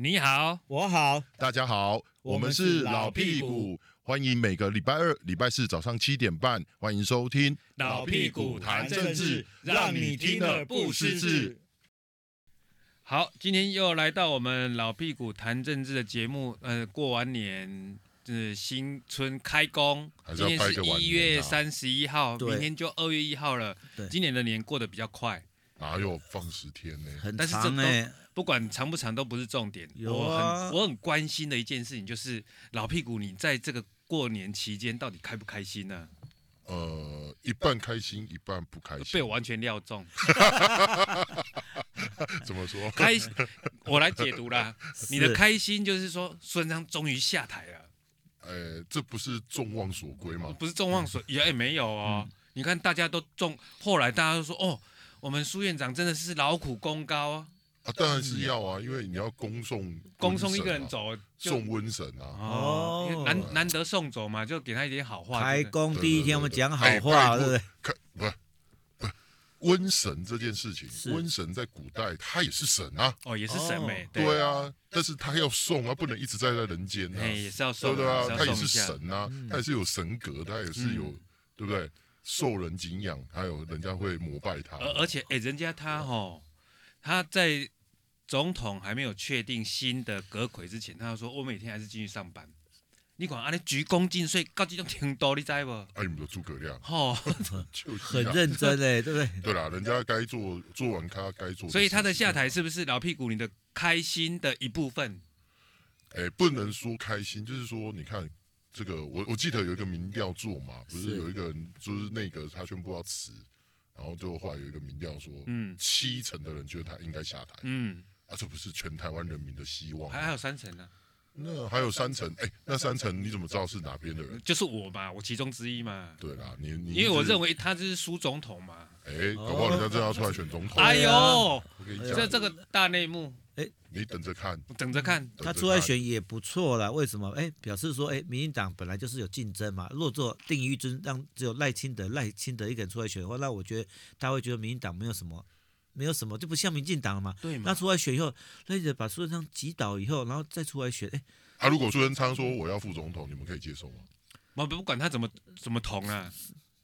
你好，我好，大家好，我們是老屁股，屁股歡迎每個禮拜二、禮拜四早上七點半，歡迎收聽老屁股談政、政治，讓你聽得不失智。好，今天又來到我們老屁股談政治的節目，呃，過完年，呃，新春開工，還是要拜個晚年，今天是一月三十一號，明天就二月一號了，對，今年的年過得比較快。哪有放十天呢？很長的、欸、不管長不長都不是重點。啊、我很我很關心的一件事情就是、嗯、老屁股，你在這個過年期間到底開不開心呢、啊？呃，一半開心，一半不開心。被我完全料中。 怎麼說？開，我來解讀啦。你的開心就是說，孫楊終於下台了。哎、欸，這不是眾望所歸嗎？不是眾望所也也、嗯欸、沒有哦、嗯。你看大家都眾，後來大家都說哦。.我們蘇院長真的是勞苦功高啊！啊，當然是要啊，嗯、因為你要恭送、啊，恭送一個人走，送瘟神啊！哦，難難得送走嘛，就給他一點好話。開工第一天，我們講好話，對不對，對，對？不、欸欸、不，瘟神這件事情，瘟神在古代他也是神啊！哦，也是神誒、欸。對啊，但是他要送啊，不能一直在在人間啊、欸、啊。對啊，也是要送啊，他也是神吶、啊嗯，他也是有神格，他也是有，嗯、對不對？受人敬仰，還有人家會膜拜他有沒有？而而且，哎、欸，人家他吼，他在總統還沒有確定新的閣揆之前，他就說：“我每天還是進去上班。你”你管阿你鞠躬盡瘁，高級都聽多，你知道不？哎、啊，沒有諸葛亮，吼、哦， 很認真哎、欸，對不對？對啦，人家該做做完，他該做。所以他的下台是不是老屁股你的開心的一部分？欸、不能說開心，就是說你看。這個我我記得有一個民調做嘛，不是有一個人就是那個他宣布要辭，然後最後後來有一個民調說，嗯，七成的人覺得他應該下台，嗯，啊這不是全台灣人民的希望，還有三成呢、啊，那還有三成，哎、欸，那三成你怎麼知道是哪邊的人？就是我嘛，我其中之一嘛。對啦，你你因為我認為他就是蘇總統嘛，哎、欸哦，搞不好人家真要出來選總統，哎呦，在、哎、這,這個大內幕。哎，你等着看，等着看，等着看，他出來選也不錯啦。為什麼？哎，表示說，哎，民進黨本來就是有競爭嘛。如果做定於一尊，讓只有賴清德、賴清德一個人出來選的話，那我覺得他會覺得民進黨沒有什麼，沒有什麼就不像民進黨了嘛。對嘛，那出來選以後，那也把蘇貞昌擠倒以後，然後再出來選。哎，他、啊、如果蘇貞昌說我要副總統，你們可以接受嗎？我不管他怎麼怎麼同啊，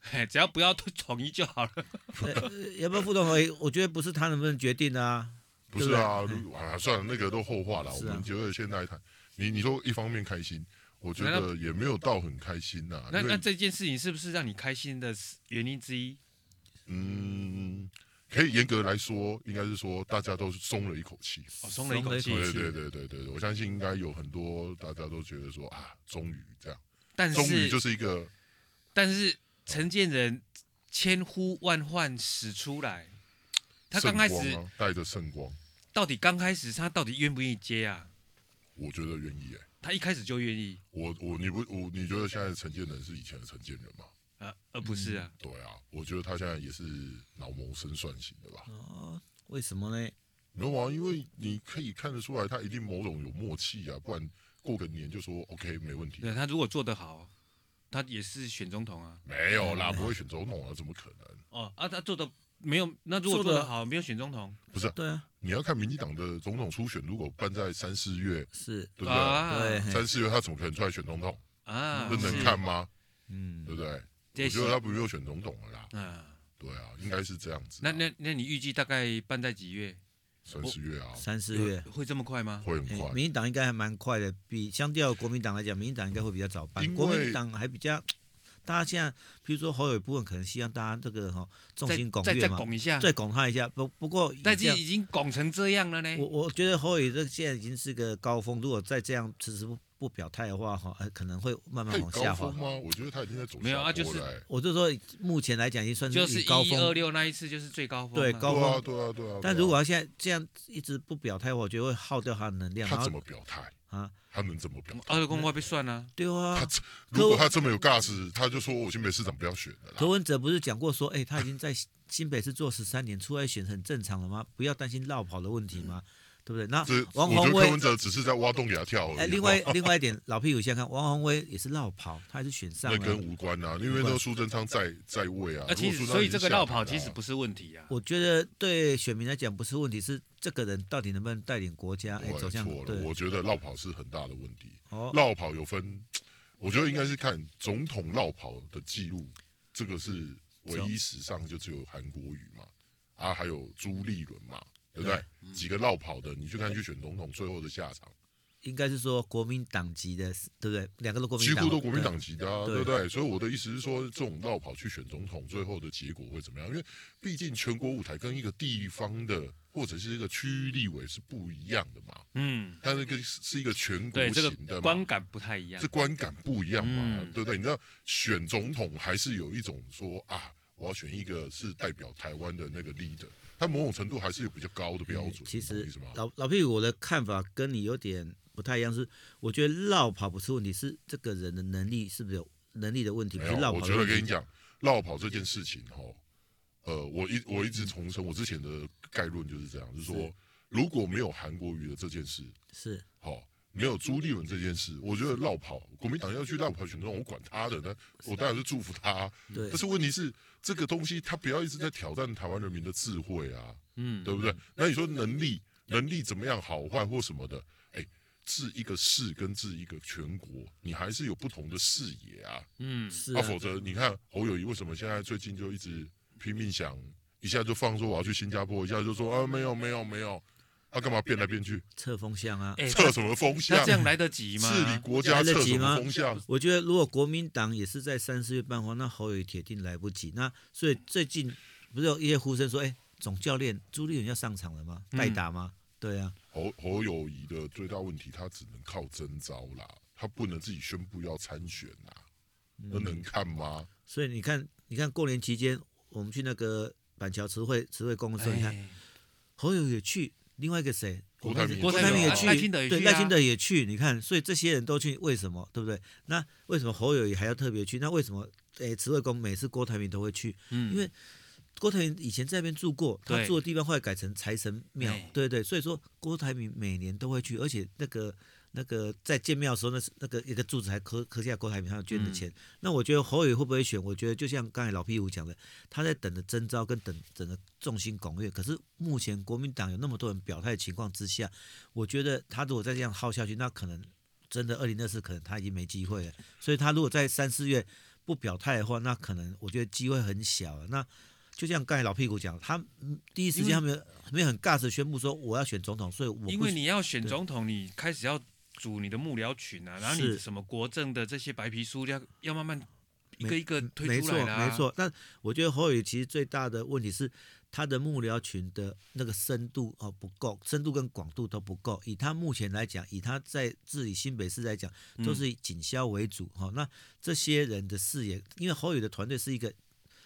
嘿只要不要統一就好了。要不要副總統？哎，我覺得不是他能不能決定啊。不是啊，對對啊，算了，那個都後話了，啊。我們覺得現在談，你你說一方面開心，我覺得也沒有到很開心吶，啊。那那，那這件事情是不是讓你開心的原因之一？嗯，可以嚴格來說，應該是說大家都鬆了一口氣，哦，鬆了一口氣。對，嗯，對對對對，我相信應該有很多大家都覺得說啊，終於這樣。但是，終於就是一個，但是陳建仁千呼萬喚始出來，啊，他剛開始，啊，帶着聖光。到底剛開始他到底願不願意接啊？我覺得願意哎，他一開始就願意。我我你不我你覺得現在陳建仁是以前的陳建仁嗎？呃、啊、呃不是啊、嗯。對啊，我覺得他現在也是老謀深算型的吧？啊、哦，為什麼呢？沒有啊，因為你可以看得出來，他一定某種有默契啊，不然過個年就說 OK 沒問題。對、啊、他如果做得好，他也是選總統啊？沒有啦，不會選總統啊，怎麼可能？ 哦啊，他做的。沒有，那如果做得好，得沒有選總統。不是啊，對啊，你要看民進黨的總統初選，如果辦在三四月，是，對不對啊？三四月他怎麼可能出來選總統啊？這能看嗎？嗯，對不對？我覺得他不用選總統了啦。啊，對啊，應該是這樣子、啊。那那那你預計大概辦在幾月？三四月啊。三四月會這麼快嗎？會很快。民進黨應該還蠻快的，比相對國民黨來講，民進黨應該會比較早辦，國民黨還比較。大家現在，比如說侯友部分可能希望大家這個哈、哦，眾星拱月嘛，再，再拱一下，再拱他一下。不不過，但是已經拱成這樣了呢。我我覺得侯友這現在已經是個高峰，如果再這樣遲遲不。不表態的話，哈，可能會慢慢往下滑嗎？我覺得他、欸啊就是、已經在走沒有啊，就是我就說，目前來講，已經算就是一二六那一次就是最高峰。對，高峰對、啊對啊對啊。對啊，但如果他現在這樣一直不表態，我覺得會耗掉他的能量。他怎麼表態啊？他能怎麼表二十公會被算了、啊嗯。對啊。如果他這麼有 g a 他就說我、哦、新北市長不要選了。柯文哲不是講過說，哎、欸，他已經在新北市做十三年， 出來選很正常了嗎？不要擔心落跑的問題嗎？嗯對不對？那王鴻薇，柯文哲只是在挖洞給他跳。哎，另外另外一點，老屁股先看，王鴻薇也是落跑，他還是選上，那跟無關啊，關因為都蘇貞昌在在位啊。那、啊、其實、啊、所以這個落跑其實不是問題啊。我覺得對選民來講不是問題，是這個人到底能不能帶領國家？沒、欸、錯，對，我覺得落跑是很大的問題。落、哦、跑有分，我覺得應該是看總統落跑的記錄，這個是唯一史上就只有韓國瑜嘛，啊，還有朱立倫嘛。對不對？對嗯、幾個落跑的，你去看去選總統，最後的下場，應該是說國民黨籍的，對不對？兩個都國民幾乎都國民黨籍的、啊對對，對不對？所以我的意思是說，這種落跑去選總統，最後的結果會怎麼樣？因為畢竟全國舞台跟一個地方的或者是一個區域立委是不一樣的嘛。嗯，但那個是一個全國型的嘛，對這個、觀感不太一樣，這觀感不一樣嘛、嗯，對不對？你知道選總統還是有一種說啊，我要選一個是代表台灣的那個 leader。在某種程度還是有比較高的標準，嗯、其實老老屁股，我的看法跟你有點不太一樣，是我覺得落跑不是問題，是這個人的能力是不是有能力的問題？沒有，跑我覺得跟你講落跑這件事情哈、嗯哦，呃，我一我一直重申我之前的概論就是這樣，就是說是如果沒有韓國瑜的這件事是好、哦，沒有朱立倫這件事，我覺得落跑國民黨要去落跑選戰，我管他的呢的我，我當然是祝福他，嗯、但是問題是，這個東西，他不要一直在挑戰台灣人民的智慧啊，嗯，對不對？那你說能力，嗯、能力怎麼樣，好壞或什麼的，哎，治一個市跟治一個全國，你還是有不同的視野啊，嗯，是啊，啊否則你看侯友宜為什麼現在最近就一直拼命想，一下就放說我要去新加坡，一下就說啊沒有沒有沒有。沒有沒有他、啊、幹嘛變來變去？測風向啊，測、欸、什麼風向？那這樣來得及嗎？治理國家來得及嗎？我覺得如果國民黨也是在三四月半，會，那侯友宜鐵定來不及。那所以最近不是有一些呼聲說，哎、欸，總教練朱立倫要上場了嗎、嗯？代打嗎？對啊。侯侯友宜的最大問題，他只能靠徵召啦，他不能自己宣佈要參選啊，那、嗯、能看嗎？所以你看，你看過年期間，我們去那個板橋慈惠慈惠宮的時候，你、欸、看侯友也去。另外一個誰？郭台銘，郭台銘也去，也去啊、對，賴清德也去。你看，所以這些人都去，為什麼？對不對？那為什麼侯友宜還要特別去？那為什麼？誒、欸，慈惠宮每次郭台銘都會去、嗯？因為郭台銘以前在那邊住過，他住的地方後來改成財神廟，對對，對對。所以說，郭台銘每年都會去，而且那個。那個在建廟的時候，那是那個一個柱子還刻刻下郭台銘他捐的錢、嗯。那我覺得侯友宜會不會選？我覺得就像剛才老屁股講的，他在等着徵召，跟等等的眾星拱月。可是目前國民黨有那麼多人表態的情況之下，我覺得他如果再這樣耗下去，那可能真的二零二四可能他已經沒機會了。所以他如果在三四月不表態的話，那可能我覺得機會很小了。那就像剛才老屁股講，他第一時間他們沒有很尬的宣布說我要選總統，所以我因為你要選總統，你開始要。組你的幕僚群啊，然後你什麼國政的這些白皮書要要慢慢一個一個推出來啊。沒，沒錯，沒錯，但我覺得侯友宜其實最大的問題是他的幕僚群的那個深度哦不夠，深度跟廣度都不夠。以他目前來講，以他在治理新北市來講，都是以警消為主哈、嗯哦。那這些人的視野，因為侯友宜的團隊是一個，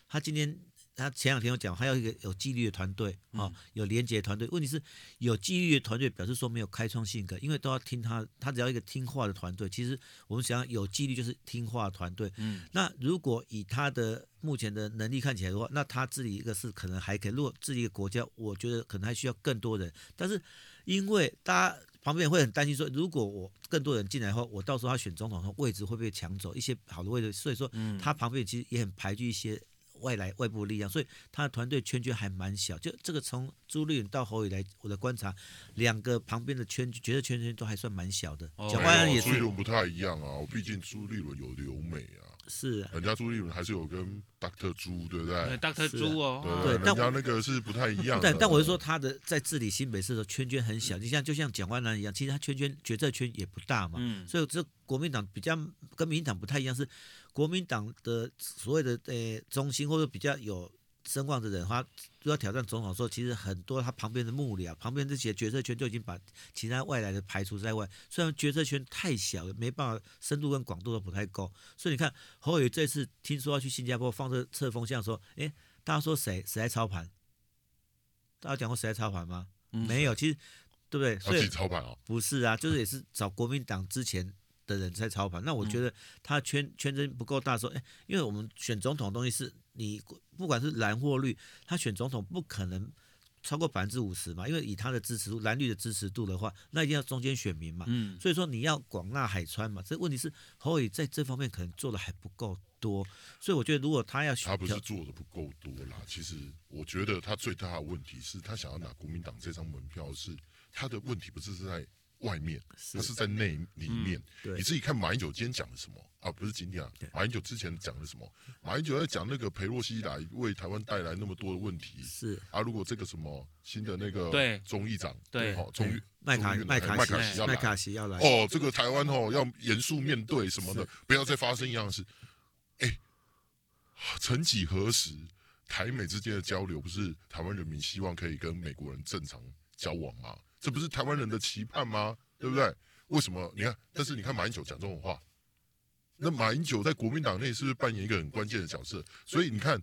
他今天。他前兩天有講，他要一個有紀律的團隊啊、哦，有廉潔的團隊。問題是有紀律的團隊，表示說沒有開創性格，因為都要聽他。他只要一個聽話的團隊。其實我們想要有紀律就是聽話的團隊。嗯。那如果以他的目前的能力看起來的話，那他自己一個是可能還可以。如果自己一個國家，我覺得可能還需要更多人。但是因為大家旁邊會很擔心說，如果我更多人進來的話，我到時候他選總統的位置會不會搶走一些好的位置。所以說，他旁邊其實也很排拒一些。嗯外來外部力量，所以他的團隊圈圈還蠻小。就這個從朱立倫到侯友宜，我的觀察，兩個旁邊的圈角色圈圈都還算蠻小的。哦,哦蔣萬安也是，朱立倫不太一樣啊，我畢竟朱立倫有留美啊，是。啊。人家朱立倫還是有跟 Doctor 朱，對不對？對、哎、Doctor 朱哦，對，啊、對但人家那個是不太一樣、嗯嗯。但但我就說他的在治理新北市的時候圈圈很小，你像就像蔣萬安一樣，其實他圈圈決策圈也不大嘛。嗯。所以這國民黨比較跟民進黨不太一樣是。國民黨的所謂的呃中心或者比較有聲望的人，他都要挑戰總統說，說其實很多他旁邊的幕僚、旁邊這些決策圈就已經把其他外來的排除在外。雖然決策圈太小了，沒辦法深度跟廣度都不太夠。所以你看侯友這次聽說要去新加坡放這測風向說，說、欸、哎，大家說誰誰在操盤？大家講過誰在操盤嗎、嗯？沒有，其實對不對？所以自己操盤、哦、不是啊，就是也是找國民黨之前。 的人在操盤，那我覺得他圈、嗯、圈層不夠大的時候，哎、欸，因為我們選總統的東西是你不管是藍或綠，他選總統不可能超過百分之五十嘛，因為以他的支持度，藍綠的支持度的話，那一定要中間選民嘛、嗯。所以說你要廣納海川嘛。這問題是侯友宜在這方面可能做的還不夠多，所以我覺得如果他要選，他不是做的不夠多啦。其實我覺得他最大的問題是他想要拿國民黨這張門票，是他的問題不是在。外面，他是在內裡面、嗯。你自己看馬英九今天講的什麼啊？不是今天啊，馬英九之前講的什麼？馬英九在講那個裴洛西來為台灣帶來那麼多的問題。是啊，如果這個什麼新的那個眾議長，對，好，終於麥卡麥卡麥卡錫要來，哦、喔，這個台灣哦、喔、要嚴肅面對什麼的，不要再發生一樣事。哎、欸，曾幾何時，台美之間的交流不是台灣人民希望可以跟美國人正常交往嗎？這不是台灣人的期盼嗎？對不對？為什麼？你看，但是你看馬英九講這種話，那馬英九在國民黨內是不是扮演一個很關鍵的角色？所以你看，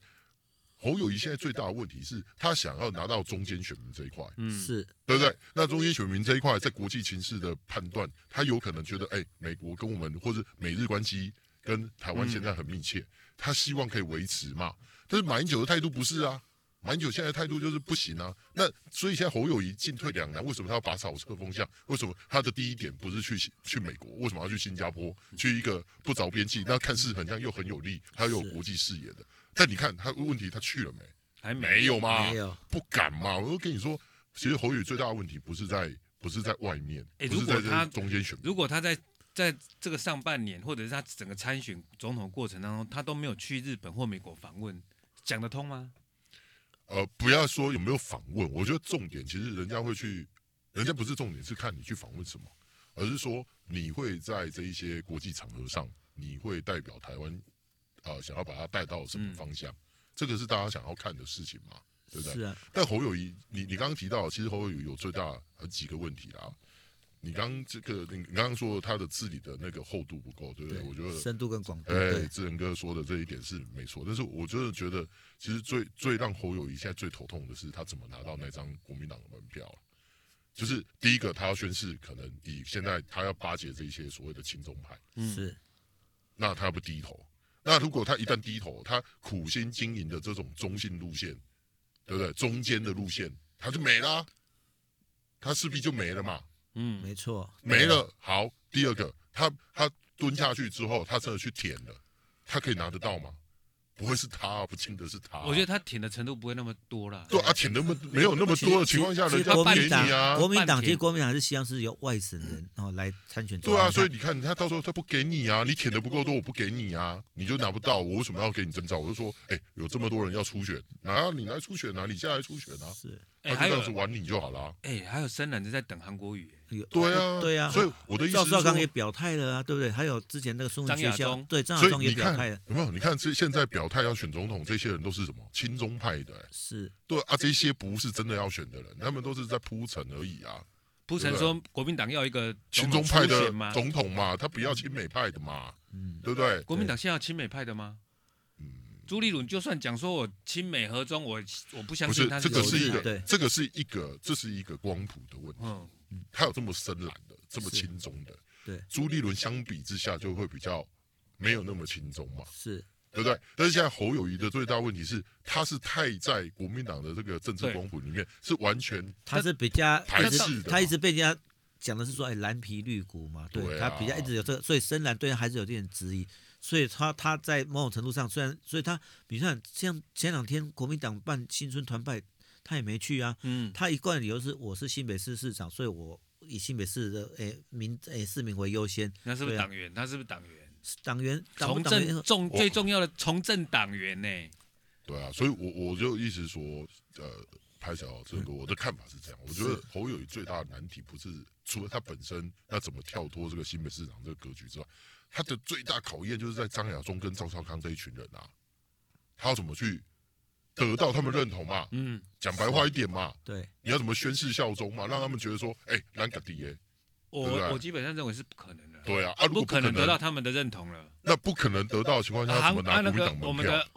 侯友宜現在最大的問題是，他想要拿到中間選民這一塊，嗯，是對不對？那中間選民這一塊，在國際形勢的判斷，他有可能覺得，誒、哎，美國跟我們或者美日關係跟台灣現在很密切、嗯，他希望可以維持嘛。但是馬英九的態度不是啊。蠻久，現在態度就是不行啊。那所以現在侯友宜進退兩難，為什麼他要拔草測風向？為什麼他的第一點不是去去美國？為什麼要去新加坡？去一個不着邊際，那看似很像又很有力，他又有國際視野的。但你看他問題，他去了沒？還沒有嗎？沒有，沒有不敢嘛？我都跟你說，其實侯友宜最大的問題不是在不是在外面，欸、不是在這中間選。如果他在在這個上半年，或者是他整個參選總統過程當中，他都沒有去日本或美國訪問，講得通嗎？呃，不要說有沒有訪問，我覺得重點其實人家會去，人家不是重點，是看你去訪問什麼，而是說你會在這一些國際場合上，你會代表台灣，啊、呃，想要把它帶到什麼方向、嗯，這個是大家想要看的事情嘛，嗯、對不對？啊、但侯友宜，你你剛剛提到，其實侯友宜有最大幾個問題啊。你剛這個，你你剛剛說他的治理的那個厚度不夠，對不對？對，我覺得深度跟廣度。哎、欸，志仁哥說的這一點是沒錯，但是我就是覺得，其實最最讓侯友宜現在最頭痛的是他怎麼拿到那張國民黨的門票、啊、就是第一個，他要宣誓，可能以現在他要巴結這些所謂的親中派，嗯，是。那他不低頭，那如果他一旦低頭，他苦心經營的這種中性路線，對不對？中間的路線他就沒了、啊，他勢必就沒了嘛。嗯，沒錯，沒了、嗯。好，第二個，他他蹲下去之後，他真的去舔了，他可以拿得到嗎？不會是他、啊，不清的是他、啊。我覺得他舔的程度不會那麼多了。對，對啊，舔那麼沒有那麼多的情況下，能國民，啊？國民黨其實國民黨還是希望是由外省人然後來參選。對啊，所以你看他到時候他不給你啊，你舔的不夠多、啊、多，我不給你啊，你就拿不到。我為什麼要給你徵召？我就說，哎、欸，有這麼多人要初選，哪、啊、你來初選呢、啊？你現在來初選呢、啊？是，他就這樣子玩你就好了。哎、欸，還有深藍正在等韓國瑜、欸。哎、對啊，對啊，所以我的意思是說，趙少康也表態了啊，對不對？還有之前那個宋楚瑜、張亞中，對，張亞中也表，也表態了。有沒有？你看這，這現在表態要選總統這些人都是什麼親中派的、欸？是，對啊，這些不是真的要選的人，他們都是在鋪陳而已啊。鋪陳，對對鋪陳說國民黨要一個親中派的總統嘛，他不要親美派的嘛、嗯，對不對？國民黨現在要親美派的嗎、嗯？朱立倫就算講說我親美和中，我我不相信、啊，不是這個是一個，這個是一個，這是一個光譜的問題。嗯他有這麼深藍的，這麼輕鬆的，對朱立倫相比之下就會比較沒有那麼輕鬆嘛，是對，對不對？但是現在侯友宜的最大問題是，他是太在國民黨的這個政治光譜裡面是完全他，他是比較排斥的他，他一直被人家講的是說，哎，藍皮綠骨嘛，對，對、啊、他比較一直有這個，所以深藍對他還是有點、點質疑，所以他他在某種程度上雖然，所以他你看像前兩天國民黨辦新春團拜。他也沒去啊，嗯，他一貫理由是我是新北市市長，所以我以新北市的誒民誒市民為優先。那是不是黨員？他、啊、是不是黨員？黨員從政重最重要的從政黨員呢、欸哦？對啊，所以我我就一直說，呃，潘小春，我的看法是這樣，嗯、我覺得侯友宜最大的難題不是，是除了他本身要怎麼跳脫這個新北市長這個格局之外，他的最大考驗就是在張亞中跟趙少康這一群人啊，他要怎麼去？得到他們認同嘛。嗯，講白話一點嘛。對，你要怎麼宣誓效忠嘛？讓他們覺得說，哎、欸，難搞的耶，我對對我基本上認為是不可能的。對啊，啊如果不，不可能得到他們的認同了，那不可能得到的情況下，怎麼拿國民黨門票、啊那個、我們的？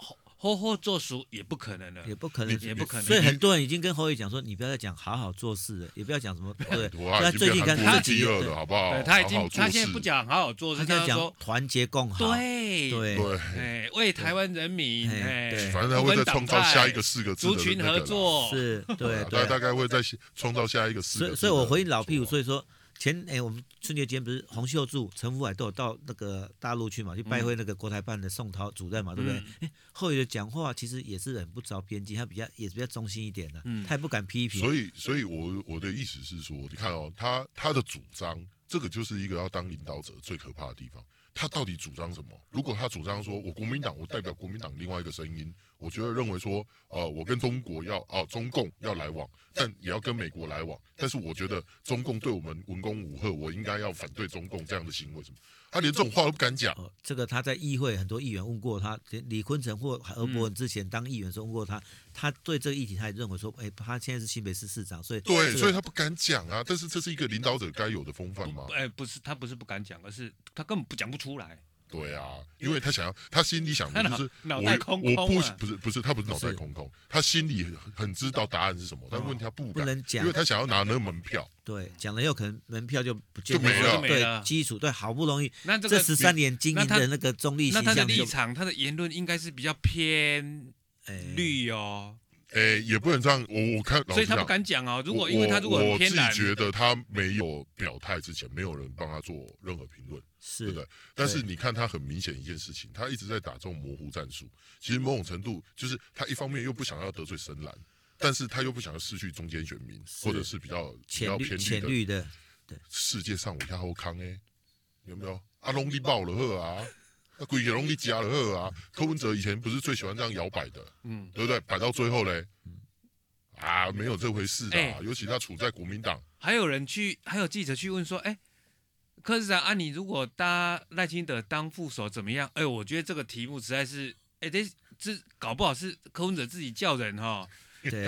好好做事也不可能的，也不可能，也不可能。所以很多人已經跟侯友宜講說，你不要再講好好做事了，也不要講什麼。對。那最近他自己，好不好？他已經，他現在不講好好做事，他現在講團結共好。對對對，為台灣人民，對，對，反正他會再創造下一個四個字的那個，族群合作。是，對，大大概會再創造下一個四個字。所以，所以我回應老屁股，所以說。前哎，我們春節前不是洪秀柱、陳福海都有到那個大陸去嘛，嗯、去拜會那個國台辦的宋濤主任嘛、嗯，對不對？後來的講話其實也是很不着邊際，他比較也是比較中性一點的、啊嗯、他也不敢批評。所以，所以我我的意思是說，你看哦，他他的主張，這個就是一個要當領導者最可怕的地方。他到底主張什麼？如果他主張說，我國民黨，我代表國民黨另外一個聲音。我覺得認為說，呃，我跟中國要哦、呃，中共要來往，但也要跟美國來往。但是我覺得中共對我們文攻武嚇我應該要反對中共這樣的行為。什麼？他、啊、連這種話都不敢講、呃。這個他在議會很多議員問過他，李坤城或何博文之前當議員時問過他，他對這個議題，他也認為說，哎、欸，他現在是新北市市長，所以對，所以他不敢講啊。但是這是一個領導者該有的風範嗎？哎、欸，不是，他不是不敢講，而是他根本不講不出來。對啊，因為他想要，他心裡想的就是我，腦袋空空啊、我不不是不是，他不是腦袋空空不是，他心裡很知道答案是什麼，但、哦、問他不敢不能講，因他不能講，因為他想要拿那個門票。對，講了又可能門票就不就，沒就沒了。對，基礎對，好不容易那這十、個、三年經營的那個中立型，那他，那他的立場，他的言論應該是比較偏綠哦。欸欸、也不能這樣，我我看，所以，他不敢講哦。如果因為他如果偏藍，我自己覺得他沒有表態之前，沒有人幫他做任何評論，是的。但是你看他很明顯一件事情，他一直在打這種模糊戰術。其實某種程度，就是他一方面又不想要得罪深藍，是但是他又不想要失去中間選民，或者是比較比較偏綠的。綠的對世界上我太好康誒，有沒有阿龍你爆了，喝啊。那鬼也容易加了啊！柯文哲以前不是最喜歡這樣搖擺的，嗯，對不對？擺到最後嘞，啊，沒有這回事的、欸。尤其他處在國民黨，還有人去，還有記者去問說：“哎、欸，柯市長啊，你如果搭賴清德當副手怎麼樣？”哎、欸，我覺得這個題目實在是，哎、欸，這這，這搞不好是柯文哲自己叫人哈，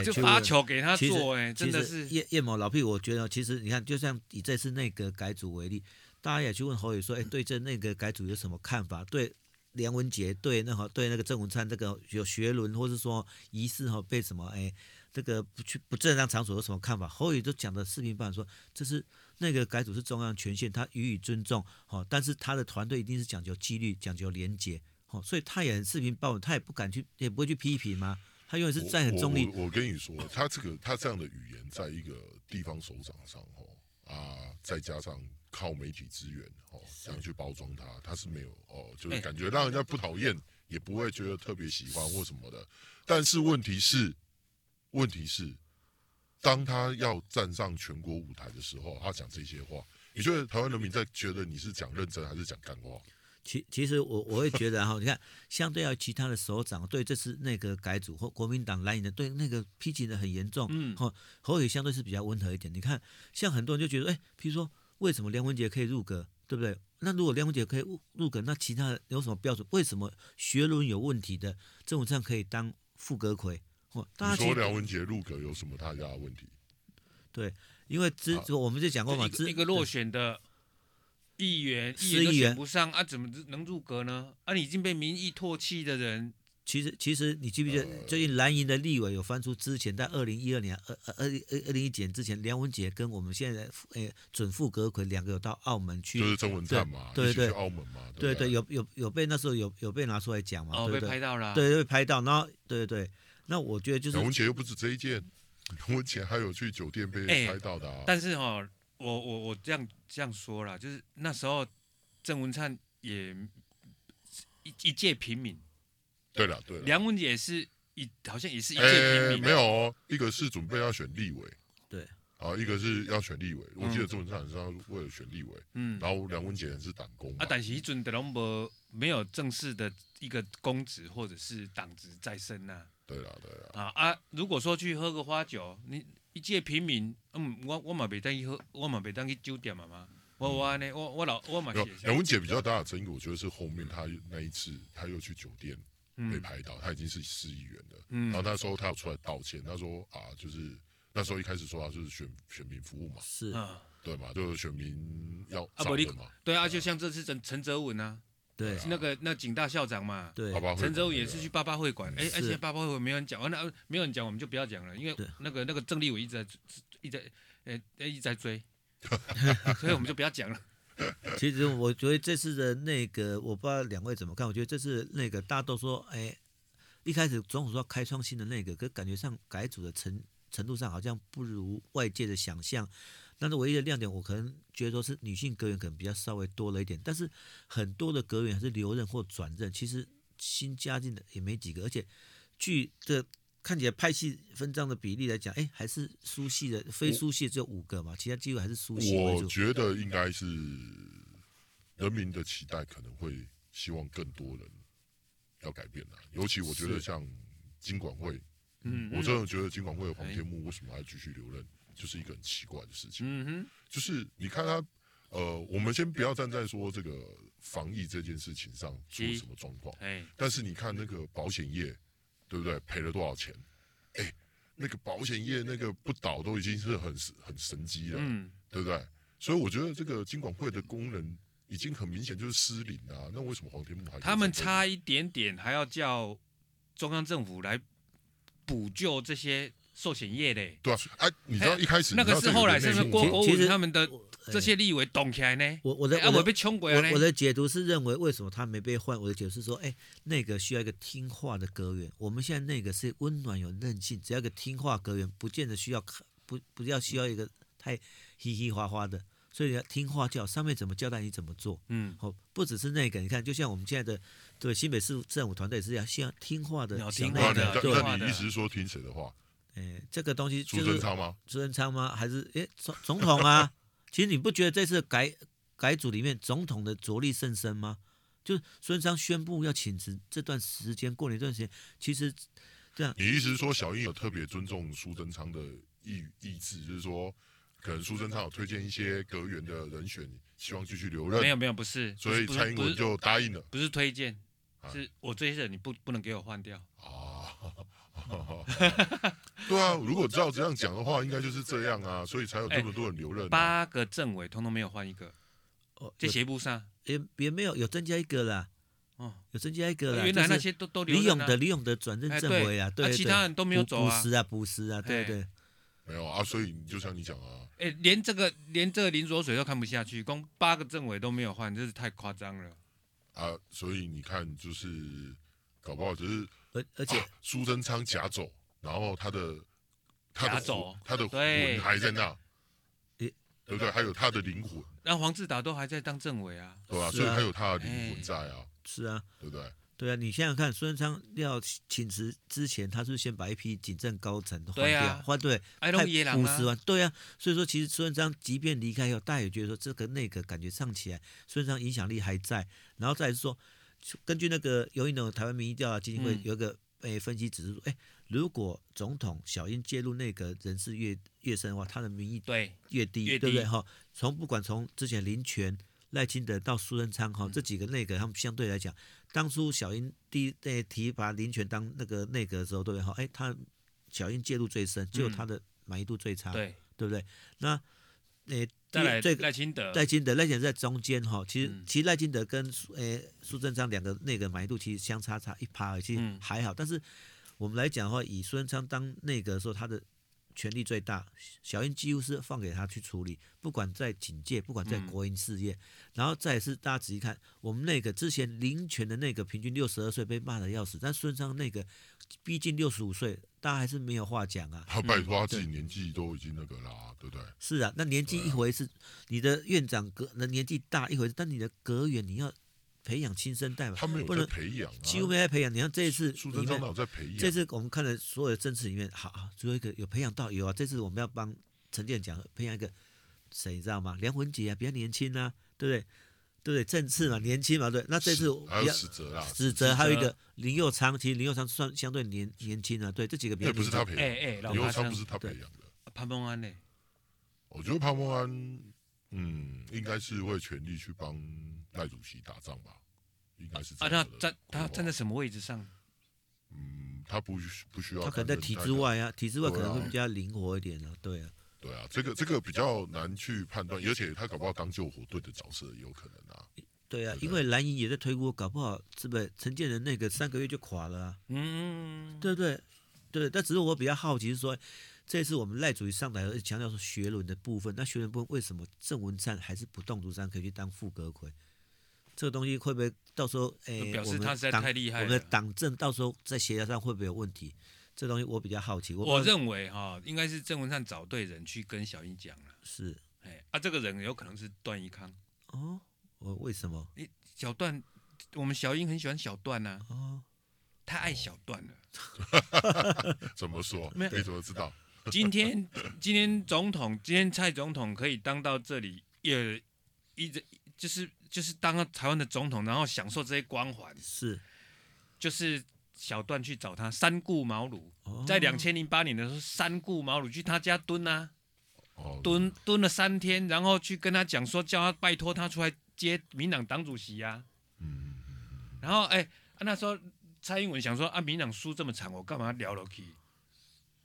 就發球給他做、欸，哎，真的是葉葉某老屁，我覺得其實你看，就像以這次內閣改組為例。大家也去問侯友宜說：“哎、欸，對這那個改組有什麼看法？對梁文杰，對那好，對那個鄭文燦這個有學倫，或是說疑似哈被什麼？哎、欸，這個不去不正當場所有什麼看法？”侯友宜就講的四平八穩說：“這是那個改組是中央權限，他予以尊重。哈，但是他的團隊一定是講究紀律，講究廉潔。哈，所以他也很四平八穩，他也不敢去，也不會去批評嘛？他永遠是在很中立。我我”我跟你說，他這個他這樣的語言，在一個地方首長上，哈、呃、啊，再加上。靠媒體資源哦，這樣去包裝他，他是沒有哦，就是感覺讓人家不討厭，也不會覺得特別喜歡或什麼的。但是問題是，問題是，當他要站上全國舞台的時候，他講這些話，你覺得台灣人民在覺得你是講認真還是講幹話？其其實我我會覺得哈， 你看，相對要其他的首長對這次那個改組或國民黨來你的對那個批評的很嚴重，嗯，吼侯友宜相對是比較溫和一點。你看，像很多人就覺得，哎、欸，譬如說。為什麼梁文傑可以入閣，對不對？那如果梁文傑可以入閣，那其他有什麼標準？為什麼學倫有問題的鄭文燦可以當副閣揆，大家說梁文傑入閣有什麼太大的問題？對，因為之、啊，我們就講過嘛一隻，一個落選的議員，議員都選不上員啊，怎麼能入閣呢？啊，你已經被民意唾棄的人。其實其實你記不記得，呃、最近藍營的立委有翻出之前在二零一二年二二二二零一幾年之前，梁文杰跟我們現在誒、欸、準副閣揆兩個有到澳門去，就是鄭文燦嘛，對對對，澳門嘛，對對，對，對，對，對有有有被那時候有有被拿出來講嘛，哦對對對被拍到了、啊，對被拍到，然後對對對，那我覺得就是梁文杰又不止這一件，梁文杰還有去酒店被拍到的啊，啊、欸。但是哈、哦，我我我這樣這樣說啦，就是那時候鄭文燦也一一介平民。對了，對了，梁文傑是一好像也是一介平民、欸。沒有哦，一個是準備要選立委，對，啊，一個是要選立委。嗯、我記得周文燦是要為了選立委，嗯，然後梁文傑是黨工。啊，但是伊陣的龍哥沒有正式的一個公職或者是黨職在身吶、啊。對啦，對啊啊，如果說去喝個花酒，你一介平民，嗯，我我嘛袂當去喝，我嘛袂當去酒店啊嘛。我我呢，我我老我嘛。梁文傑比較大的爭議，我覺得是後面他那一次他又去酒店。嗯、被拍到，他已經是市議員了，嗯。然後那時候他有出來道歉，他說啊，就是那時候一開始說他就是選選民服務嘛，是啊，對嘛，就是選民要啊，嘛，對啊，嗯、就像這次陳陳澤文啊，對啊，那個那警大校長嘛，對，啊，陳澤文也是去八八會館，哎，嗯，而且八八會館沒有人講，啊，那沒有人講，我們就不要講了，因為那個那個鄭立偉一直在一直哎哎一直在追、 啊，所以我們就不要講了。其實我覺得這次的那個，我不知道兩位怎麼看。我覺得這次那個大家都說，哎，一開始總統說要開創新的那個，可感覺上改組的程程度上好像不如外界的想象。但是唯一的亮點，我可能覺得說是女性閣員可能比較稍微多了一點，但是很多的閣員還是留任或轉任，其實新加進的也沒幾個，而且據這個。看起來派系分贓的比例來講，哎、欸，還是蘇系的，非蘇系只有五個嘛，其他機會還是蘇系。我覺得應該是人民的期待可能會希望更多人要改變啦、啊。尤其我覺得像金管會，嗯，我真的覺得金管會的黃天牧為什麼還繼續留任，就是一個很奇怪的事情。嗯哼，就是你看他，呃，我們先不要站在說這個防疫這件事情上出什麼狀況，但是你看那個保險業。對不對？賠了多少錢？哎，那個保險業那個不倒都已經是很很神蹟了，嗯，對不對？所以我覺得這個金管會的功能已經很明顯就是失靈了，啊。那為什麼黃天木還？他們差一點點還要叫中央政府來補救這些壽險業的。對啊，哎，你知道一開始，哎，個那個是後來是過歐文他們的。這些你以為動起來呢？我的、哎、我的我被鬼。我的解讀是認為，為什麼他沒被換？我的解讀是說，哎，那個需要一個聽話的閣員。我們現在那個是溫暖有韌性，只要一個聽話閣員，不見得需要不不要需要一個太嘻嘻哈哈的。所以要聽話叫，上面怎麼交代你怎麼做。嗯，好、哦，不只是那個，你看，就像我們現在的對新北市政府團隊是這樣，需要聽話的、要聽話的、啊。那你一直說聽誰的話？哎、啊啊，這個東西蘇、就、貞、是、昌嗎？蘇貞昌嗎？還是哎，總總統啊？ 其實你不覺得這次改改組裡面總統的着力甚深嗎？就是孫昌宣布要請辭這段時間，過年這段時間，其實這樣。你意思是說小英有特別尊重蘇貞昌的意意志，就是說可能蘇貞昌有推薦一些閣員的人選，希望繼續留任？沒有沒有不是，所以蔡英文就答應了。不是，不是推薦，是我這些人你不不能給我換掉啊。哈 對啊，如果照這樣講的話， 應該就是這樣啊，所以才有這麼多人留任，啊、欸。八個政委通通沒有換一個，哦。在斜不上也，欸，也沒有有增加一個了，哦，有增加一個了。原來那些都，就是，都留任，啊，李永得李永得轉任政委啊，欸、對，對、對、對其他人都沒有走啊，不是啊不是啊，對對，沒有啊。所以就像你講啊，哎、欸，連這個連這個林濁水都看不下去，光八個政委都沒有換，真是太誇張了啊。所以你看，就是搞不好就是。而而且蘇貞、啊、昌假走，然後他的假走他的，他的魂還在那，對對不對？還有他的靈魂。那黃志達都還在當政委啊，對吧？啊、所以他有他的靈魂在啊，是啊、欸，是啊，對不對？對啊，你想想看蘇貞昌要請辭之前，他是先把一批警政高層都換掉，換對、啊、對，五十、啊、萬，對啊。所以說，其實蘇貞昌即便離開以後，大家也覺得說這個那個感覺上起來，蘇貞昌影響力還在，然後再是說。根據那個，由於呢，台灣民意調查基金會有一個誒分析指出，誒，如果總統小英介入內閣人事越越深的話，他的民意對越低，對不對？哈，從不管從之前林全、賴清德到蘇貞昌哈這幾個內閣，他們相對來講、嗯，當初小英第一那、呃、提拔林全當那個內閣的時候，對不對？哈，誒，他小英介入最深，只有他的滿意度最差，嗯對，對不對？那誒。對，賴清德，賴清德，賴清德在中間哈，其實、嗯、其實賴清德跟蘇，欸，蘇貞昌兩個那個滿意度其實相差差一趴，其實還好、嗯。但是我們來講的話，以蘇貞昌當內閣的時候，他的權力最大，小英幾乎是放給他去處理，不管在警界，不管在，不管在國營事業。嗯、然後再是大家仔細看，我們那個之前林全的那個平均六十二歲被罵的要死，但蘇貞昌，昌那個畢竟六十五歲。大家還是沒有話講啊！拜他拜託，自己年紀都已經那個了、嗯，對不對？是啊，那年紀一回事、啊，你的院長隔，那年紀大一回事，但你的隔遠閣員，你要培養新生代嘛？他、啊、不能培養，幾乎沒在培養。你看這一次，你在培養。這次我們看了所有的政治裡面，好好、啊，做一個有培養到有啊。這次我們要幫陳建仁講培養一個誰，知道嗎？梁文傑啊，比較年輕吶、啊，對不對？對，對，政次嘛，年輕嘛，對。那這次還有史哲啊，史哲還有一個林右昌，嗯、其實林右昌算相對年年輕的、啊，對，這幾個比較，欸。那、欸欸欸、不是他培的，哎、欸、哎，林右昌不是他培養的。潘孟安呢、欸？我覺得潘孟安，嗯，應該是會全力去幫賴主席打仗吧，應該是啊，他站他站在什麼位置上？嗯，他不不需要。他可能在體制外啊，體制外可能會比較靈活一點啊，對啊。對啊。對啊，這個這個比較難去判斷，而且他搞不好當救火隊的角色，有可能啊。對啊，對對，因為藍營也在推估，搞不好這個陳建仁那個三個月就垮了、啊、嗯，對不對對。但只是我比較好奇是說，這次我們賴主席上台，而且強調說學倫的部分，那學倫部分為什麼鄭文燦還是不動如山可以去當副閣揆？這個東西會不會到時候誒、呃，我們黨我們黨政到時候在協調上會不會有問題？這東西我比較好奇，我，我認為哈、哦，應該是鄭文燦找對人去跟小英講了。是，哎，啊，這個人有可能是段宜康哦。我、哦、為什麼？哎，小段，我們小英很喜歡小段吶、啊。哦，太愛小段了。哦、 怎麼說、哦沒有？你怎麼知道？今天，今天總統，今天蔡總統可以當到這裡，也一直就是就是當了台灣的總統，然後享受這些光環。是，就是。小段去找他三顧茅廬，在二千零八年的時候三顧茅廬去他家蹲啊，蹲，蹲了三天，然後去跟他講說叫他拜托他出來接民黨黨主席呀，啊，嗯，然後哎、啊、那時候蔡英文想說，啊民黨輸這麼慘，我幹嘛聊了？去，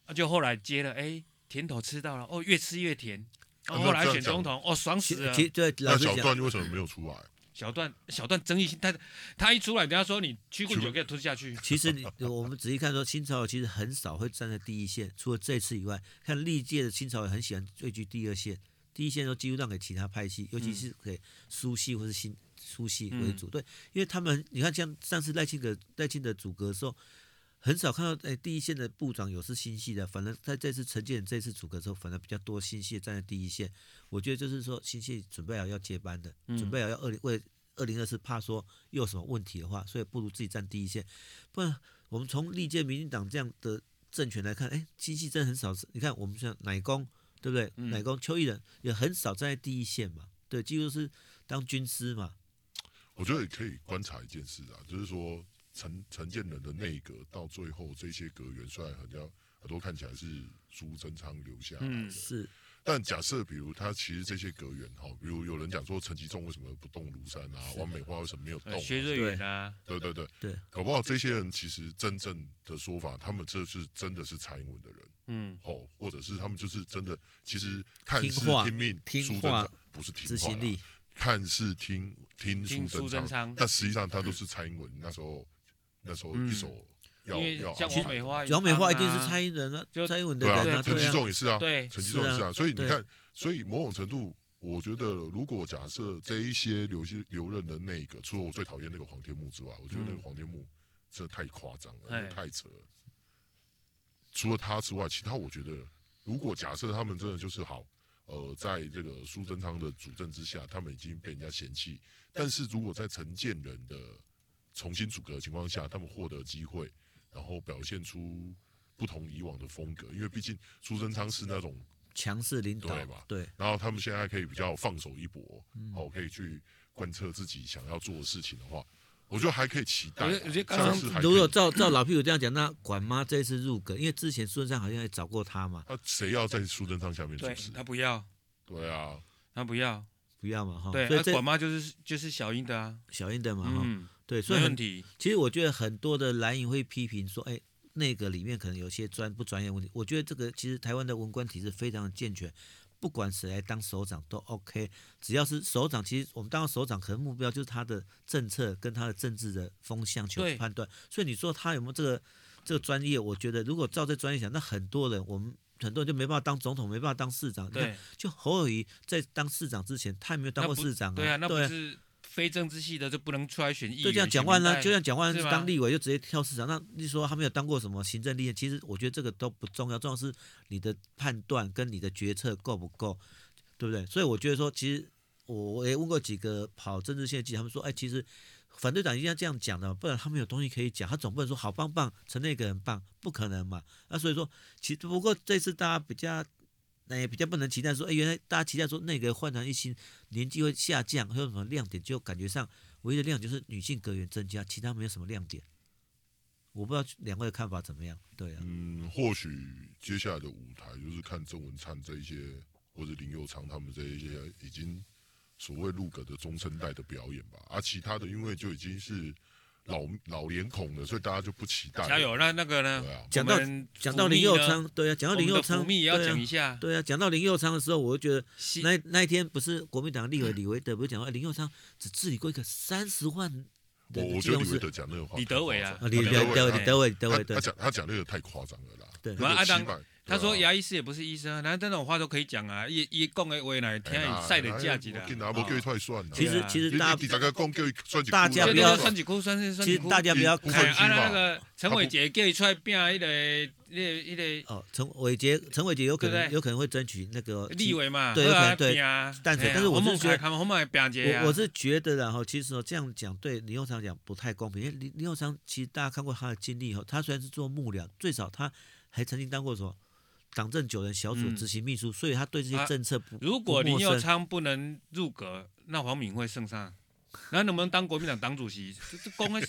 啊，就後來接了哎，甜頭吃到了哦，越吃越甜，然後，後來選總統哦，爽死了，對，那小段為什麼沒有出來？小段小段爭議性，他他一出來，等下說你屈桂九可以吞下去。其實你我們仔細看說，清朝其實很少會站在第一線，除了這一次以外，看歷屆的清朝也很喜歡位居第二線，第一線都幾乎讓給其他派系，尤其是給蘇系或是新蘇系為主、嗯，對，因為他們你看像上次賴清德賴清德組閣的時候。很少看到哎、欸，第一線的部長有是新系的。反正在這次陳建仁這次組閣之後，反而比較多新系站在第一線。我覺得就是說，新系準備好要，要接班的，嗯、準備好要二零為二零二四怕說又有什麼問題的話，所以不如自己站第一線。不然我們從歷屆民進黨這樣的政權來看，哎、欸，新系真的很少。你看我們像乃公，對不對？乃公邱義仁也很少站在第一線嘛，對，幾乎是當軍師嘛。我覺得也可以觀察一件事啊，oh, 就是說。陳陳建仁的內閣到最後，這些閣員雖然很像很多看起來是蘇貞昌留下、嗯、是，但假設比如他其實這些閣員哈、哦，比如有人講說陳吉仲為什麼不動如山啊？王美花為什麼沒有動、啊？薛瑞元啊，對對對,對,對,對,對，搞不好這些人其實真正的說法，他們這是真的是蔡英文的人。嗯，哦，或者是他們就是真的，其實看事聽命，聽話不是聽話，看似聽聽蘇貞昌,昌，但實際上他都是蔡英文、嗯、那時候。那時候一首要、嗯，要要，王美花一、啊、一定是蔡英文了，蔡英文對對、啊、對，陳吉仲也是啊，對，陳吉仲也是啊，也是啊，是啊，所以你看，所以某種程度，我覺得如果假設這一些留任留任的那個，除了我最討厭那個黃天牧之外，我覺得那個黃天牧真的太誇張了，太扯了。除了他之外，其他我覺得，如果假設他們真的就是好，呃，在這個蘇貞昌的主政之下，他們已經被人家嫌棄，但是如果在陳建仁的重新組閣的情況下，他們獲得機會，然後表現出不同以往的風格。因為畢竟蘇貞昌是那種強勢領導，對吧？對。然後他們現在可以比較放手一搏，哦、嗯，可以去貫徹自己想要做的事情的話，嗯、我覺得還可以期待、啊剛剛以。如果照照老屁股這樣講，那管媽這次入閣，因為之前蘇貞昌好像也找過他嘛。那、啊、誰要在蘇貞昌下面做事？他不要，對啊，他不要，不要嘛哈。對，那管媽就是就是小英的啊，小英的嘛哈。嗯對，所以問題其實我覺得很多的藍營會批評說，哎，那個裡面可能有些專不專業問題。我覺得這個其實台灣的文官體制非常的健全，不管誰來當首長都 OK，只要是首長，其實我們當首長可能目標就是他的政策跟他的政治的風向去判斷。所以你說他有沒有這個這個專業？我覺得如果照這專業想，那很多人我們很多人就沒辦法當總統，沒辦法當市長。對，你看就侯友宜在當市長之前，他有沒有當過市長啊。對啊，非政治系的就不能出來選議選的選的，就這樣講話呢？就像講話當立委就直接跳市長，那你說他沒有當過什麼行政歷練？其實我覺得這個都不重要，重要是你的判斷跟你的決策夠不夠，對不對？所以我覺得說，其實我我也問過幾個跑政治線記者，他們說，哎、欸，其實反對黨應該這樣講的，不然他們有東西可以講。他總不能說好棒棒，陳內閣很棒，不可能嘛？那、啊、所以說，其實不過這次大家比較。那、欸、也比較不能期待說，哎、欸，原來大家期待說那個煥然一新，年紀會下降，會有什麼亮點，就感覺上唯一的亮點就是女性閣員增加，其他沒有什麼亮點。我不知道兩位的看法怎麼樣？對啊。嗯，或許接下來的舞台就是看鄭文燦這一些，或者林右昌他們這一些已經所謂入閣的中生代的表演吧。而、啊、其他的，因為就已經是。老老臉孔的，所以大家就不期待。加油那那個呢？講到講到林右昌，對啊，講到,到林右昌，對也要講一下。對啊，講、啊、到林右昌的時候，我就覺得那那一天不是國民黨立委李維德不是講到、欸、林右昌只治理過一個三十萬的我。我覺得李維德講那個話李、啊，李德維啊,啊，李德維，德維，德維，他講、欸、他講那個太誇張了啦。對，那個他說牙醫師也不是醫生，然後這種話都可以講啊，也也共為來體現賽的價值的。其實其實大家大家共叫大家不要其實大家，實大家不要看、哎、啊那個陳偉杰他叫他出來變一個一個一個。哦，陳偉杰，陳偉杰有可能有可能會爭取那個立委嘛？對，有、嗯、對啊、哎。但是我是覺得我，會我，我是覺得然後，其實、喔、這樣講對林右昌講不太公平，因為林林右昌其實大家看過他的經歷以後，他雖然是做幕僚，最早他還曾經當過什麼？黨政九人小組執行秘書、嗯，所以他對這些政策、啊、如果林佑昌不能入閣、嗯，那黃敏會勝上，那能不能當國民黨黨主席？ 這公的，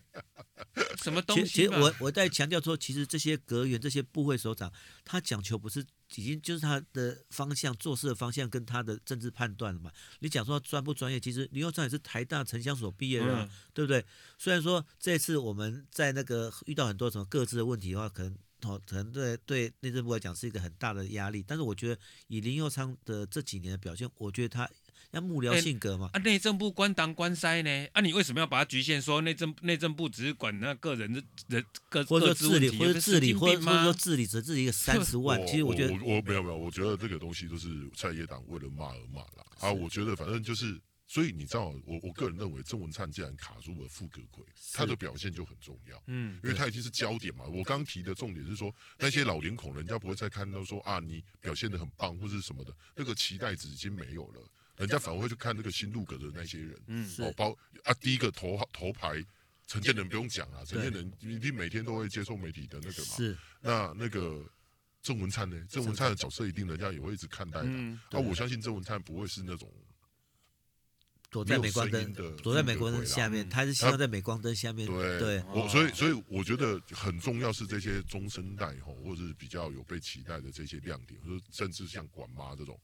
什麼東西？其實我我再強調說，其實這些閣員、這些部會首長，他講求不是已經就是他的方向、做事的方向跟他的政治判斷了嘛？你講說他專不專業？其實林佑昌也是台大城鄉所畢業的、嗯，對不對？雖然說這次我們在那個遇到很多什麼各自的問題的話，可能。哦，可能對對內政部來講是一個很大的壓力，但是我覺得以林右昌的這幾年的表現，我覺得他要幕僚性格嘛。欸、啊，內政部管黨管塞呢？啊，你為什麼要把它局限說內政內政部只是管那個人的人個個資問題或治理，或者治理，或者說治理只治,治一個三十萬？其實我覺得我我沒有沒有，我覺得這個東西都是在野黨為了罵而罵了啊！我覺得反正就是。所以你知道，我我個人認為鄭文燦既然卡住了副閣揆，他的表現就很重要。嗯，因為他已經是焦點嘛。我剛提的重點是說，那些老臉孔，人家不會再看到說啊，你表現的很棒或是什麼的，那個期待值已經沒有了。人家反而會去看那個新入閣的那些人。嗯，哦，包啊，第一個頭頭牌陳建仁不用講啊，陳建仁一定每天都會接受媒體的那個嘛。是。那那個鄭、嗯、文燦呢？鄭文燦的角色一定人家也會一直看待的。那、嗯啊、我相信鄭文燦不會是那種。躲在鎂光燈，躲在鎂光燈下面，嗯、他是希望在鎂光燈下面。對，對哦、我所以所以我覺得很重要是這些中生代吼，或者是比較有被期待的這些亮點，是甚至像管媽這種，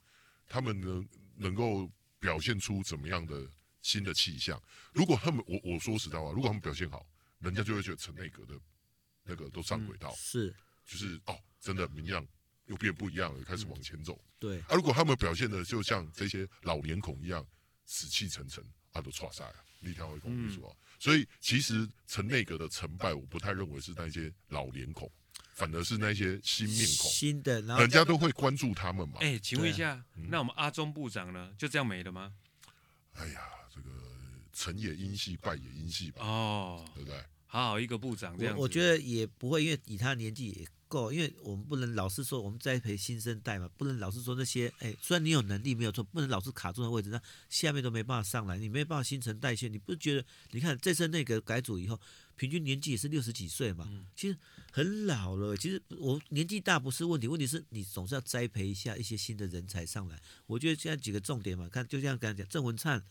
他們能能夠表現出怎麼樣的新的氣象？如果他們我我說實在話，如果他們表現好，人家就會覺得陳內閣的那個都上軌道，嗯、是就是哦，真的明亮又變不一樣了，開始往前走。嗯、對，啊，如果他們表現的就像這些老臉孔一樣。死氣沉沉，他都錯晒啊！你條威公秘書啊，所以其實陳內閣的成敗，我不太認為是那些老臉孔，反而是那些新面孔，新的，然後家人家都會關注他們嘛。哎，請問一下，那我們阿中部長呢？就這樣沒了嗎？哎呀，這個成也因疫，敗也因疫吧。哦，對不對？好，好一個部長這樣。我，我覺得也不會，因為以他年紀也夠，因為我們不能老是說我們栽培新生代嘛，不能老是說那些哎、欸，雖然你有能力沒有錯，不能老是卡住的位置，那下面都沒辦法上來，你沒辦法新陳代謝，你不覺得？你看這次那個改組以後，平均年紀也是六十幾歲嘛，其實很老了。其實我年紀大不是問題，問題是你總是要栽培一下一些新的人才上來。我覺得現在幾個重點嘛，看就像剛才講，鄭文燦、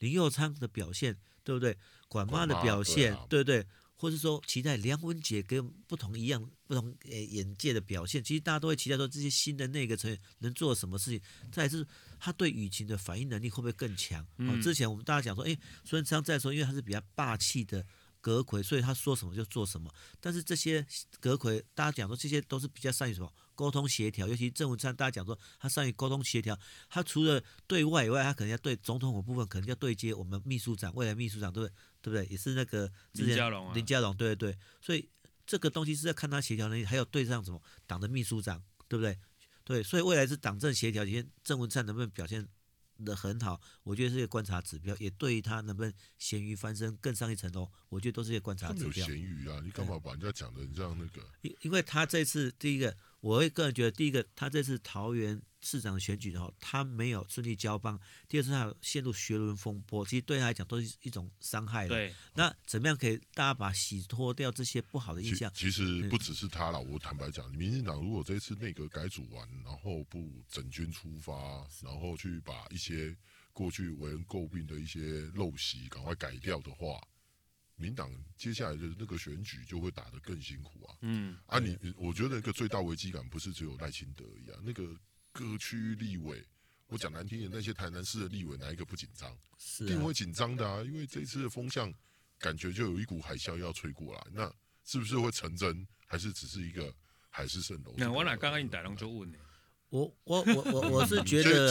林右昌的表現，對不對？管媽的表現對、啊，對不對？或者說期待梁文杰跟不同一樣不同眼界的表現，其實大家都會期待說這些新的那個成員能做什麼事情。再來是他對輿情的反應能力會不會更強？嗯、之前我們大家講說，哎、欸，蘇貞昌在說，因為他是比較霸氣的閣揆，所以他說什麼就做什麼。但是這些閣揆，大家講說這些都是比較善於什麼？溝通協調，尤其鄭文燦，大家講說他善於溝通協調。他除了對外以外，他可能要對總統府部分可能要對接我們秘書長，未來秘書長對不對？對不對？也是那個林佳龍，林佳龍、啊，對對對。所以這個東西是要看他協調能力，還有對上什麼黨的秘書長，對不對？對，所以未來是黨政協調，今鄭文燦能不能表現得很好？我覺得是一個觀察指標，也對於他能不能鹹魚翻身更上一層樓。我覺得都是一個觀察指標。有鹹魚啊？你幹嘛把人家講的這樣那個？因因為他這次第一個。我個人覺得，第一個，他這次桃園市長選舉的話他沒有順利交棒，第二是他陷入學倫風波，其實對他來講都是一種傷害的。對，那怎麼樣可以大家把洗脫掉這些不好的印象？其實不只是他了，我坦白講，民進黨如果這次內閣改組完，然後不整軍出發，然後去把一些過去為人詬病的一些陋習趕快改掉的話。民黨接下來的那個選舉就會打得更辛苦啊！嗯、啊你，你、嗯、我覺得一個最大危機感不是只有賴清德而已、啊，那個各區立委，我講難聽點，那些台南市的立委哪一個不緊張？是、啊，一定會緊張的啊！因為這一次的風向，感覺就有一股海嘯要吹過來，那是不是會成真，還是只是一個海市蜃樓？那個嗯、我來剛剛你打動就問 我我我我我是覺得，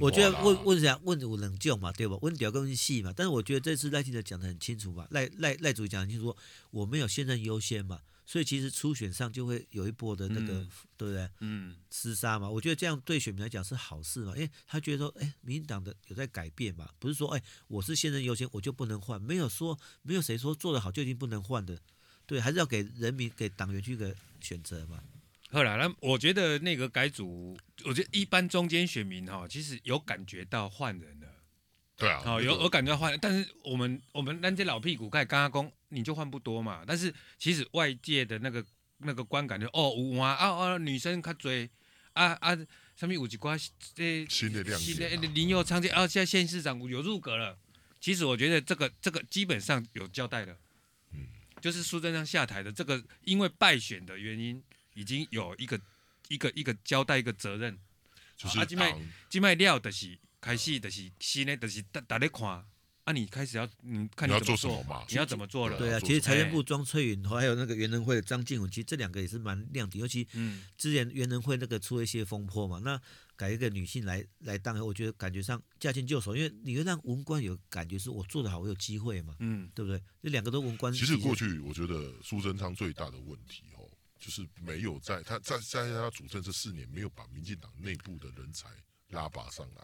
我覺得問問一下、啊、問我冷靜嘛，對吧？問比較更細嘛。但是我覺得這次賴清德講的很清楚嘛，賴賴賴主席講得很清楚，我沒有現任優先嘛，所以其實初選上就會有一波的那個，嗯、對不對？嗯，廝殺嘛。我覺得這樣對選民來講是好事嘛。哎，他覺得哎、欸，民進黨的有在改變嘛，不是說哎、欸，我是現任優先，我就不能換，沒有說沒有誰說做得好就已經不能換的，對，還是要給人民給黨員去一個選擇嘛。後來，呢，我覺得那個改組，我覺得一般中間選民哈、哦，其實有感覺到換人了，對啊，哦、有有感覺到換，對對，但是我們我們那些老屁股，剛才剛剛講你就換不多嘛，但是其實外界的那個那個觀感就哦哇啊啊，女生看嘴啊啊，上面五幾塊這新的亮的林右昌這啊，現在縣市長有入閣了，其實我覺得這個這個基本上有交代的，嗯，就是蘇貞昌下台的這個，因為敗選的原因。已經有一個一個一個交代一個責任，就是、啊，今今料的、就是開始、就是、的、就是新是大家看，那、啊、你開始要，你看你，你要做什麼嘛？你要怎麼做了？做做對啊，其實財政部莊翠雲和還有那個原能會張靜文其實這兩個也是蠻亮點，尤其嗯，之前原能會那個出了一些風波嘛，嗯，那改一個女性來來當，我覺得感覺上駕輕就熟，因為你會讓文官有感覺是我做的好，我有機會嘛，嗯，對不對？這兩個都文官。其實過去我覺得蘇貞昌最大的問題。就是沒有在他在在他主政這四年，沒有把民進黨內部的人才拉拔上來，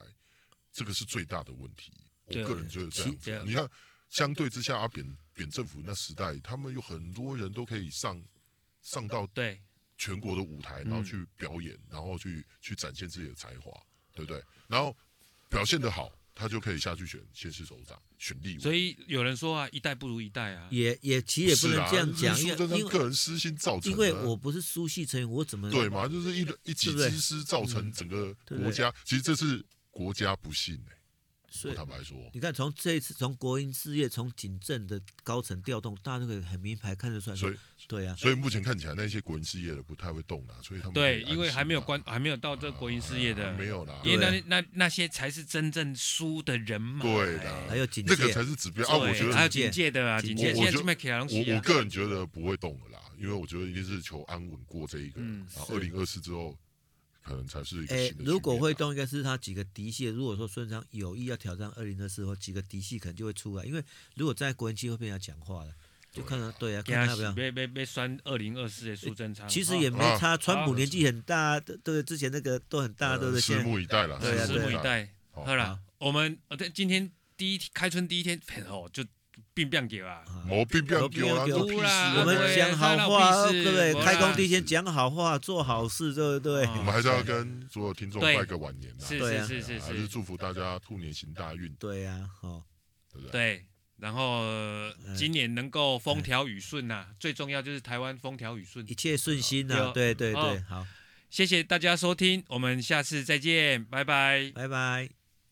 這個是最大的問題。我個人覺得是、是，你看相對之下，阿、啊、扁扁政府那時代，他們有很多人都可以上上到對全國的舞台，然後去表演，嗯、然後去去展現自己的才華，對不對？然後表現得好。他就可以下去選，縣市首長、選立委。所以有人說啊，一代不如一代啊，也也其實也不能這樣講、啊，因為因個人私心造成的。因為我不是蘇系成員，我怎麼對嘛？就是一、嗯、一己之私造成整個國家，對對對，其實這是國家不幸、欸所以我坦白說，你看從這一次從，國營事業從警政的高層調動，大家都可以很明牌看得出來。所以對啊，所以目前看起來那些國營事業的不太會動啦、啊。所以他們、啊、對，因為還沒有關，啊、還沒有到這國營事業的、啊啊、沒有啦。因為那那那，那些才是真正蘇的人馬。對啦，還有警戒，這個才是指標啊。我覺得還有警戒的啊，警戒。我覺得我現在現在，我我個人覺得不會動了啦，因為我覺得一定是求安穩過這一個。嗯，啊，二零二四之後。可能才是，欸。如果會動，應該是他幾個嫡系。如果說孫昌有意要挑戰二零二四，或幾個嫡系可能就會出來。因為如果在國營機構被他講話了，就看到對、啊、對啊，看他不要被被被酸二零二四的蘇貞昌。其實也沒差，啊、川普年紀很大，對對對，之前那個都很大。對對，呃、拭目以待了，啊啊，對，拭目以待。好了，我們哦對，今天第一天開春第一天哦就。並不要啊，我並不要啊，我們講好話，各位不對？對對，我開工之前講好話，做好事，對不對？我們還是要跟所有聽眾拜個晚年、啊，是對、啊、是是、啊、是，還是祝福大家兔年行大運。對啊，好，對不、哦、然後、呃、今年能夠風調雨順吶、啊，最重要就是台灣風調雨順，一切順心啊、呃對！對對對、嗯好嗯哦，好，謝謝大家收聽，我們下次再見，拜拜，拜拜。